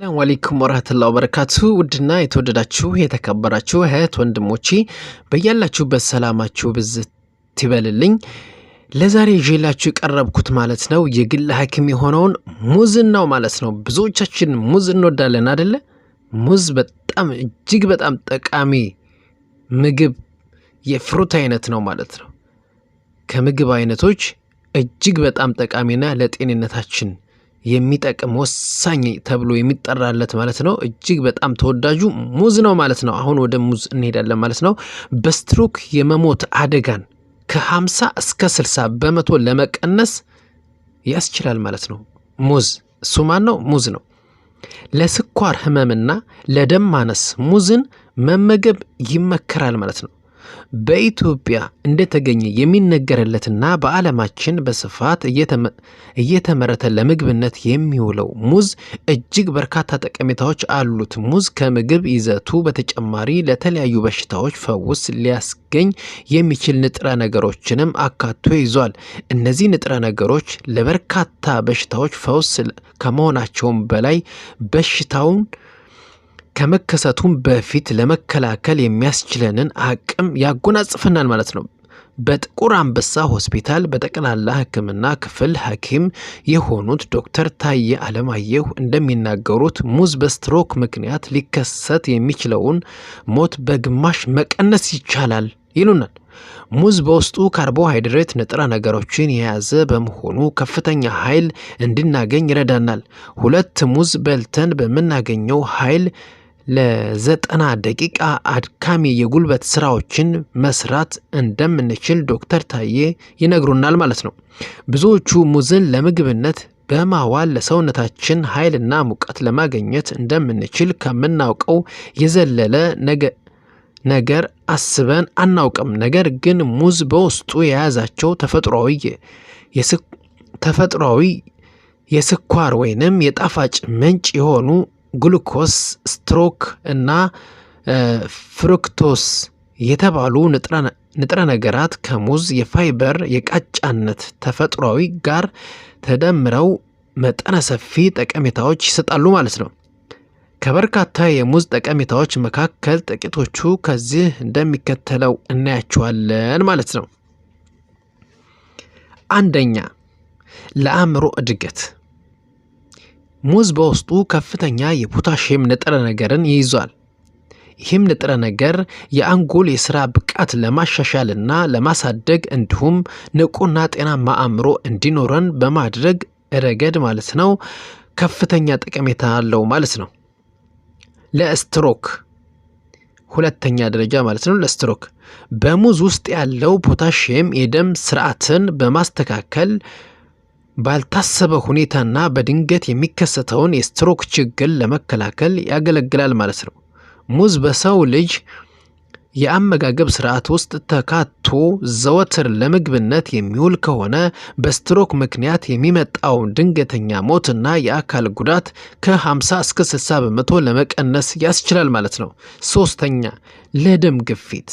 ሰላም አለይኩም ወራህመቱላሂ ወበረካቱ። ውድና የተወደዳችሁ የተከበራችሁ እህት ወንድሞቼ በያላችሁበት ሰላማችሁ ብዝት ይበልልኝ። ለዛሬ ይዤላችሁ የቀረብኩት ማለት ነው የግል ሐኪም የሆነውን ሙዝን ነው ማለት ነው። ብዙዎቻችን ሙዝ እንወዳለን አደለ? ሙዝ በጣም እጅግ በጣም ጠቃሚ ምግብ የፍሩት አይነት ነው ማለት ነው። ከምግብ አይነቶች እጅግ በጣም ጠቃሚና ለጤንነታችን የሚጠቅም ወሳኝ ተብሎ የሚጠራለት ማለት ነው። እጅግ በጣም ተወዳጁ ሙዝ ነው ማለት ነው። አሁን ወደ ሙዝ እንሄዳለን ማለት ነው። በስትሮክ የመሞት አደጋን ከ50 እስከ 60 በመቶ ለመቀነስ ያስችላል ማለት ነው። ሙዝ እሱ ማን ነው? ሙዝ ነው። ለስኳር ህመምና ለደም ማነስ ሙዝን መመገብ ይመከራል ማለት ነው። በኢትዮጵያ እንደተገኘ የሚነገርለትና በዓለማችን በስፋት እየተመረተ ለምግብነት የሚውለው ሙዝ እጅግ በርካታ ጠቀሜታዎች አሉት። ሙዝ ከምግብ ይዘቱ በተጨማሪ ለተለያዩ በሽታዎች ፈውስ ሊያስገኝ የሚችል ንጥረ ነገሮችንም አካቶ ይዟል። እነዚህ ንጥረ ነገሮች ለበርካታ በሽታዎች ፈውስ ከመሆናቸውም በላይ በሽታውን ከመከሰቱም በፊት ለመከላከል የሚያስችለንን አቅም ያጎናጽፈናል ማለት ነው። በጥቁር አንበሳ ሆስፒታል በጠቅላላ ሕክምና ክፍል ሐኪም የሆኑት ዶክተር ታየ አለማየሁ እንደሚናገሩት ሙዝ በስትሮክ ምክንያት ሊከሰት የሚችለውን ሞት በግማሽ መቀነስ ይቻላል ይሉናል። ሙዝ በውስጡ ካርቦሃይድሬት ንጥረ ነገሮችን የያዘ በመሆኑ ከፍተኛ ኃይል እንድናገኝ ይረዳናል። ሁለት ሙዝ በልተን በምናገኘው ኃይል ለዘጠና ደቂቃ አድካሚ የጉልበት ስራዎችን መስራት እንደምንችል ዶክተር ታዬ ይነግሩናል ማለት ነው። ብዙዎቹ ሙዝን ለምግብነት በማዋል ለሰውነታችን ኃይልና ሙቀት ለማግኘት እንደምንችል ከምናውቀው የዘለለ ነገር አስበን አናውቅም። ነገር ግን ሙዝ በውስጡ የያዛቸው ተፈጥሯዊ የስኳር ወይንም የጣፋጭ ምንጭ የሆኑ ግሉኮስ፣ ስትሮክ እና ፍሩክቶስ የተባሉ ንጥረ ነገራት ከሙዝ የፋይበር የቃጫነት ተፈጥሯዊ ጋር ተደምረው መጠነ ሰፊ ጠቀሜታዎች ይሰጣሉ ማለት ነው። ከበርካታ የሙዝ ጠቀሜታዎች መካከል ጥቂቶቹ ከዚህ እንደሚከተለው እናያቸዋለን ማለት ነው። አንደኛ ለአእምሮ እድገት ሙዝ በውስጡ ከፍተኛ የፖታሽየም ንጥረ ነገርን ይይዟል። ይህም ንጥረ ነገር የአንጎል የሥራ ብቃት ለማሻሻልና ለማሳደግ እንዲሁም ንቁና ጤናማ አእምሮ እንዲኖረን በማድረግ ረገድ ማለት ነው ከፍተኛ ጠቀሜታ አለው ማለት ነው። ለስትሮክ ሁለተኛ ደረጃ ማለት ነው። ለስትሮክ በሙዝ ውስጥ ያለው ፖታሽየም የደም ስርዓትን በማስተካከል ባልታሰበ ሁኔታና በድንገት የሚከሰተውን የስትሮክ ችግር ለመከላከል ያገለግላል ማለት ነው። ሙዝ በሰው ልጅ የአመጋገብ ስርዓት ውስጥ ተካቶ ዘወትር ለምግብነት የሚውል ከሆነ በስትሮክ ምክንያት የሚመጣው ድንገተኛ ሞት እና የአካል ጉዳት ከ50 እስከ 60 በመቶ ለመቀነስ ያስችላል ማለት ነው። ሶስተኛ ለደም ግፊት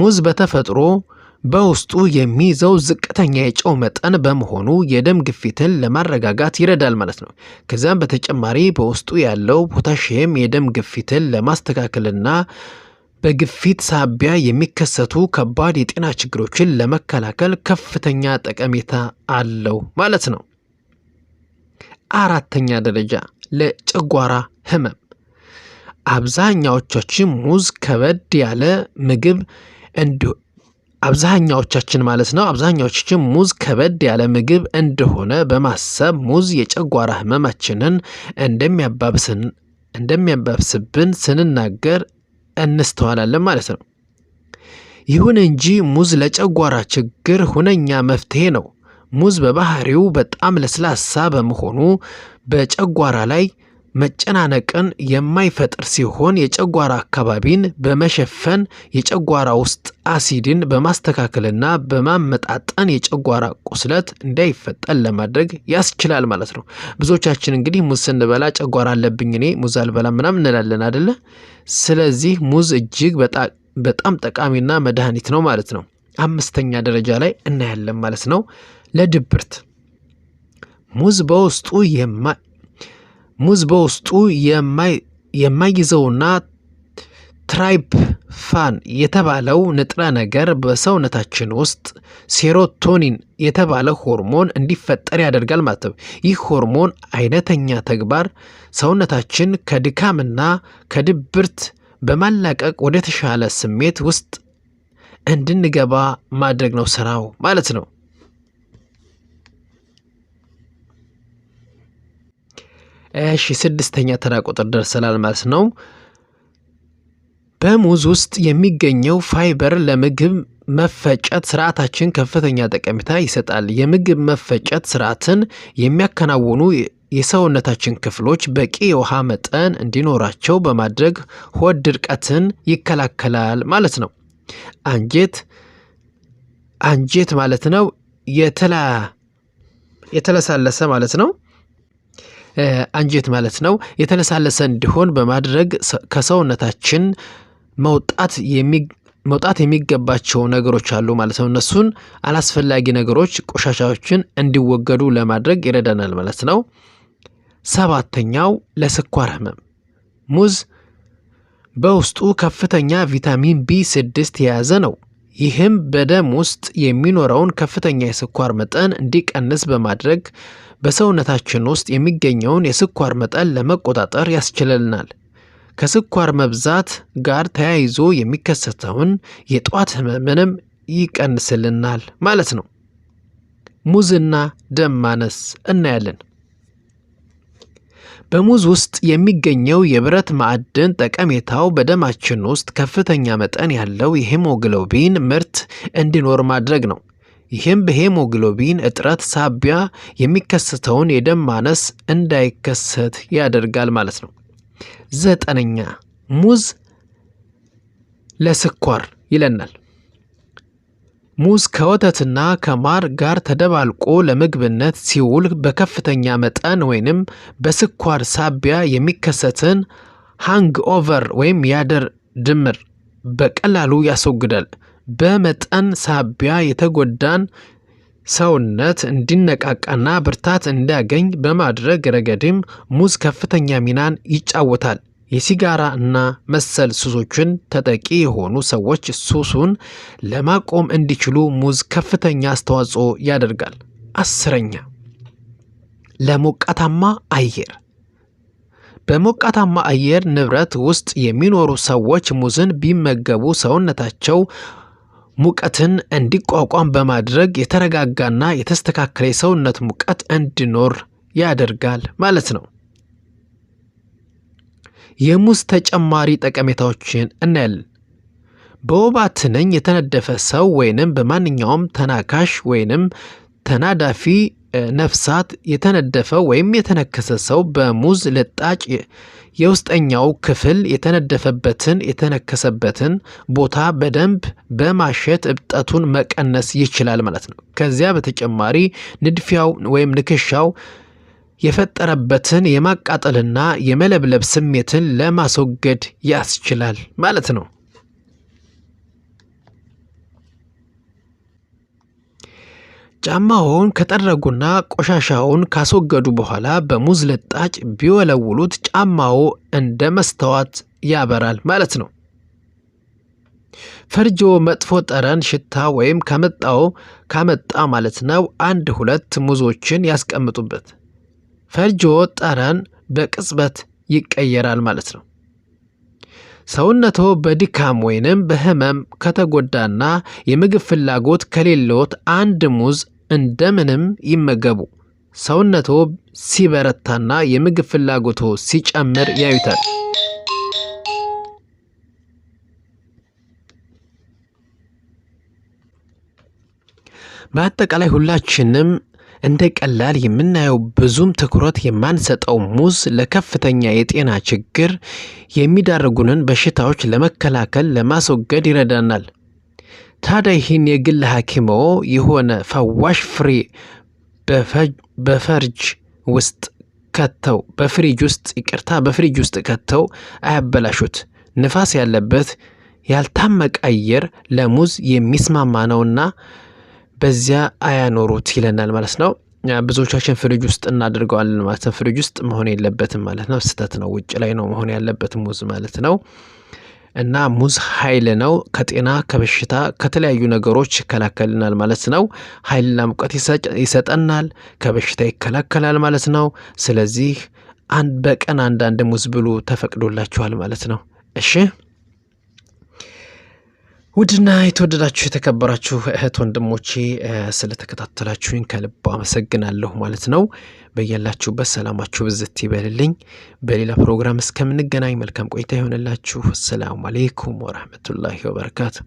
ሙዝ በተፈጥሮ በውስጡ የሚይዘው ዝቅተኛ የጨው መጠን በመሆኑ የደም ግፊትን ለማረጋጋት ይረዳል ማለት ነው። ከዚያም በተጨማሪ በውስጡ ያለው ፖታሽየም የደም ግፊትን ለማስተካከልና በግፊት ሳቢያ የሚከሰቱ ከባድ የጤና ችግሮችን ለመከላከል ከፍተኛ ጠቀሜታ አለው ማለት ነው። አራተኛ ደረጃ ለጨጓራ ህመም አብዛኛዎቻችን ሙዝ ከበድ ያለ ምግብ እንዲሁ አብዛኛዎቻችን ማለት ነው አብዛኛዎቻችን ሙዝ ከበድ ያለ ምግብ እንደሆነ በማሰብ ሙዝ የጨጓራ ህመማችንን እንደሚያባብስን እንደሚያባብስብን ስንናገር እንስተዋላለን ማለት ነው። ይሁን እንጂ ሙዝ ለጨጓራ ችግር ሁነኛ መፍትሄ ነው። ሙዝ በባህሪው በጣም ለስላሳ በመሆኑ በጨጓራ ላይ መጨናነቅን የማይፈጥር ሲሆን የጨጓራ አካባቢን በመሸፈን የጨጓራ ውስጥ አሲድን በማስተካከልና በማመጣጠን የጨጓራ ቁስለት እንዳይፈጠን ለማድረግ ያስችላል ማለት ነው። ብዙዎቻችን እንግዲህ ሙዝ ስንበላ ጨጓራ አለብኝ እኔ ሙዝ አልበላ ምናምን እንላለን አደለ? ስለዚህ ሙዝ እጅግ በጣም ጠቃሚና መድኃኒት ነው ማለት ነው። አምስተኛ ደረጃ ላይ እናያለን ማለት ነው። ለድብርት ሙዝ በውስጡ የማ ሙዝ በውስጡ የማይዘውና ትራይፕፋን የተባለው ንጥረ ነገር በሰውነታችን ውስጥ ሴሮቶኒን የተባለ ሆርሞን እንዲፈጠር ያደርጋል ማለት ነው። ይህ ሆርሞን አይነተኛ ተግባር ሰውነታችን ከድካምና ከድብርት በማላቀቅ ወደ ተሻለ ስሜት ውስጥ እንድንገባ ማድረግ ነው ስራው ማለት ነው። እሺ ስድስተኛ ተራ ቁጥር ደርሰናል ማለት ነው። በሙዝ ውስጥ የሚገኘው ፋይበር ለምግብ መፈጨት ስርዓታችን ከፍተኛ ጠቀሜታ ይሰጣል። የምግብ መፈጨት ስርዓትን የሚያከናውኑ የሰውነታችን ክፍሎች በቂ የውሃ መጠን እንዲኖራቸው በማድረግ ሆድ ድርቀትን ይከላከላል ማለት ነው። አንጀት አንጀት ማለት ነው የተለሳለሰ ማለት ነው። አንጀት ማለት ነው የተለሳለሰ እንዲሆን በማድረግ ከሰውነታችን መውጣት የሚ መውጣት የሚገባቸው ነገሮች አሉ ማለት ነው። እነሱን አላስፈላጊ ነገሮች ቆሻሻዎችን እንዲወገዱ ለማድረግ ይረዳናል ማለት ነው። ሰባተኛው ለስኳር ህመም ሙዝ በውስጡ ከፍተኛ ቪታሚን ቢ ስድስት የያዘ ነው። ይህም በደም ውስጥ የሚኖረውን ከፍተኛ የስኳር መጠን እንዲቀንስ በማድረግ በሰውነታችን ውስጥ የሚገኘውን የስኳር መጠን ለመቆጣጠር ያስችለናል። ከስኳር መብዛት ጋር ተያይዞ የሚከሰተውን የጧት ህመምንም ይቀንስልናል ማለት ነው። ሙዝና ደም ማነስ እናያለን። በሙዝ ውስጥ የሚገኘው የብረት ማዕድን ጠቀሜታው በደማችን ውስጥ ከፍተኛ መጠን ያለው የሄሞግሎቢን ምርት እንዲኖር ማድረግ ነው። ይህም በሄሞግሎቢን እጥረት ሳቢያ የሚከሰተውን የደም ማነስ እንዳይከሰት ያደርጋል ማለት ነው። ዘጠነኛ ሙዝ ለስኳር ይለናል። ሙዝ ከወተትና ከማር ጋር ተደባልቆ ለምግብነት ሲውል በከፍተኛ መጠን ወይንም በስኳር ሳቢያ የሚከሰትን ሃንግ ኦቨር ወይም ያደር ድምር በቀላሉ ያስወግዳል። በመጠን ሳቢያ የተጎዳን ሰውነት እንዲነቃቃና ብርታት እንዲያገኝ በማድረግ ረገድም ሙዝ ከፍተኛ ሚናን ይጫወታል። የሲጋራ እና መሰል ሱሶችን ተጠቂ የሆኑ ሰዎች ሱሱን ለማቆም እንዲችሉ ሙዝ ከፍተኛ አስተዋጽኦ ያደርጋል። አስረኛ ለሞቃታማ አየር በሞቃታማ አየር ንብረት ውስጥ የሚኖሩ ሰዎች ሙዝን ቢመገቡ ሰውነታቸው ሙቀትን እንዲቋቋም በማድረግ የተረጋጋና የተስተካከለ የሰውነት ሙቀት እንዲኖር ያደርጋል ማለት ነው። የሙዝ ተጨማሪ ጠቀሜታዎችን እናያለን። በወባ ትንኝ የተነደፈ ሰው ወይንም በማንኛውም ተናካሽ ወይንም ተናዳፊ ነፍሳት የተነደፈ ወይም የተነከሰ ሰው በሙዝ ልጣጭ የውስጠኛው ክፍል የተነደፈበትን የተነከሰበትን ቦታ በደንብ በማሸት እብጠቱን መቀነስ ይችላል ማለት ነው። ከዚያ በተጨማሪ ንድፊያው ወይም ንክሻው የፈጠረበትን የማቃጠልና የመለብለብ ስሜትን ለማስወገድ ያስችላል ማለት ነው። ጫማውን ከጠረጉና ቆሻሻውን ካስወገዱ በኋላ በሙዝ ልጣጭ ቢወለውሉት ጫማው እንደ መስተዋት ያበራል ማለት ነው። ፈርጆ መጥፎ ጠረን ሽታ ወይም ከመጣው ካመጣ ማለት ነው አንድ ሁለት ሙዞችን ያስቀምጡበት። ፈርጆ ጠረን በቅጽበት ይቀየራል ማለት ነው። ሰውነቶ በድካም ወይንም በህመም ከተጎዳና የምግብ ፍላጎት ከሌለዎት አንድ ሙዝ እንደምንም ይመገቡ። ሰውነቶ ሲበረታና የምግብ ፍላጎቶ ሲጨምር ያዩታል። በአጠቃላይ ሁላችንም እንደ ቀላል የምናየው ብዙም ትኩረት የማንሰጠው ሙዝ ለከፍተኛ የጤና ችግር የሚዳርጉንን በሽታዎች ለመከላከል ለማስወገድ ይረዳናል። ታዲያ ይህን የግል ሐኪሞ የሆነ ፈዋሽ ፍሬ በፈርጅ ውስጥ ከተው በፍሪጅ ውስጥ ይቅርታ፣ በፍሪጅ ውስጥ ከተው አያበላሹት። ንፋስ ያለበት ያልታመቀ አየር ለሙዝ የሚስማማ ነውና በዚያ አያኖሩት ይለናል ማለት ነው። ብዙዎቻችን ፍሪጅ ውስጥ እናደርገዋለን ማለት ነው። ፍሪጅ ውስጥ መሆን የለበትም ማለት ነው። ስህተት ነው። ውጭ ላይ ነው መሆን ያለበት ሙዝ ማለት ነው። እና ሙዝ ኃይል ነው። ከጤና ከበሽታ ከተለያዩ ነገሮች ይከላከልናል ማለት ነው። ኃይልና ሙቀት ይሰጠናል። ከበሽታ ይከላከላል ማለት ነው። ስለዚህ በቀን አንዳንድ ሙዝ ብሉ ተፈቅዶላችኋል ማለት ነው። እሺ ውድና የተወደዳችሁ የተከበራችሁ እህት ወንድሞቼ ስለተከታተላችሁኝ ከልብ አመሰግናለሁ ማለት ነው። በያላችሁበት ሰላማችሁ ብዝት ይበልልኝ። በሌላ ፕሮግራም እስከምንገናኝ መልካም ቆይታ ይሆንላችሁ። ሰላም አሌይኩም ወረህመቱላሂ ወበረካቱ።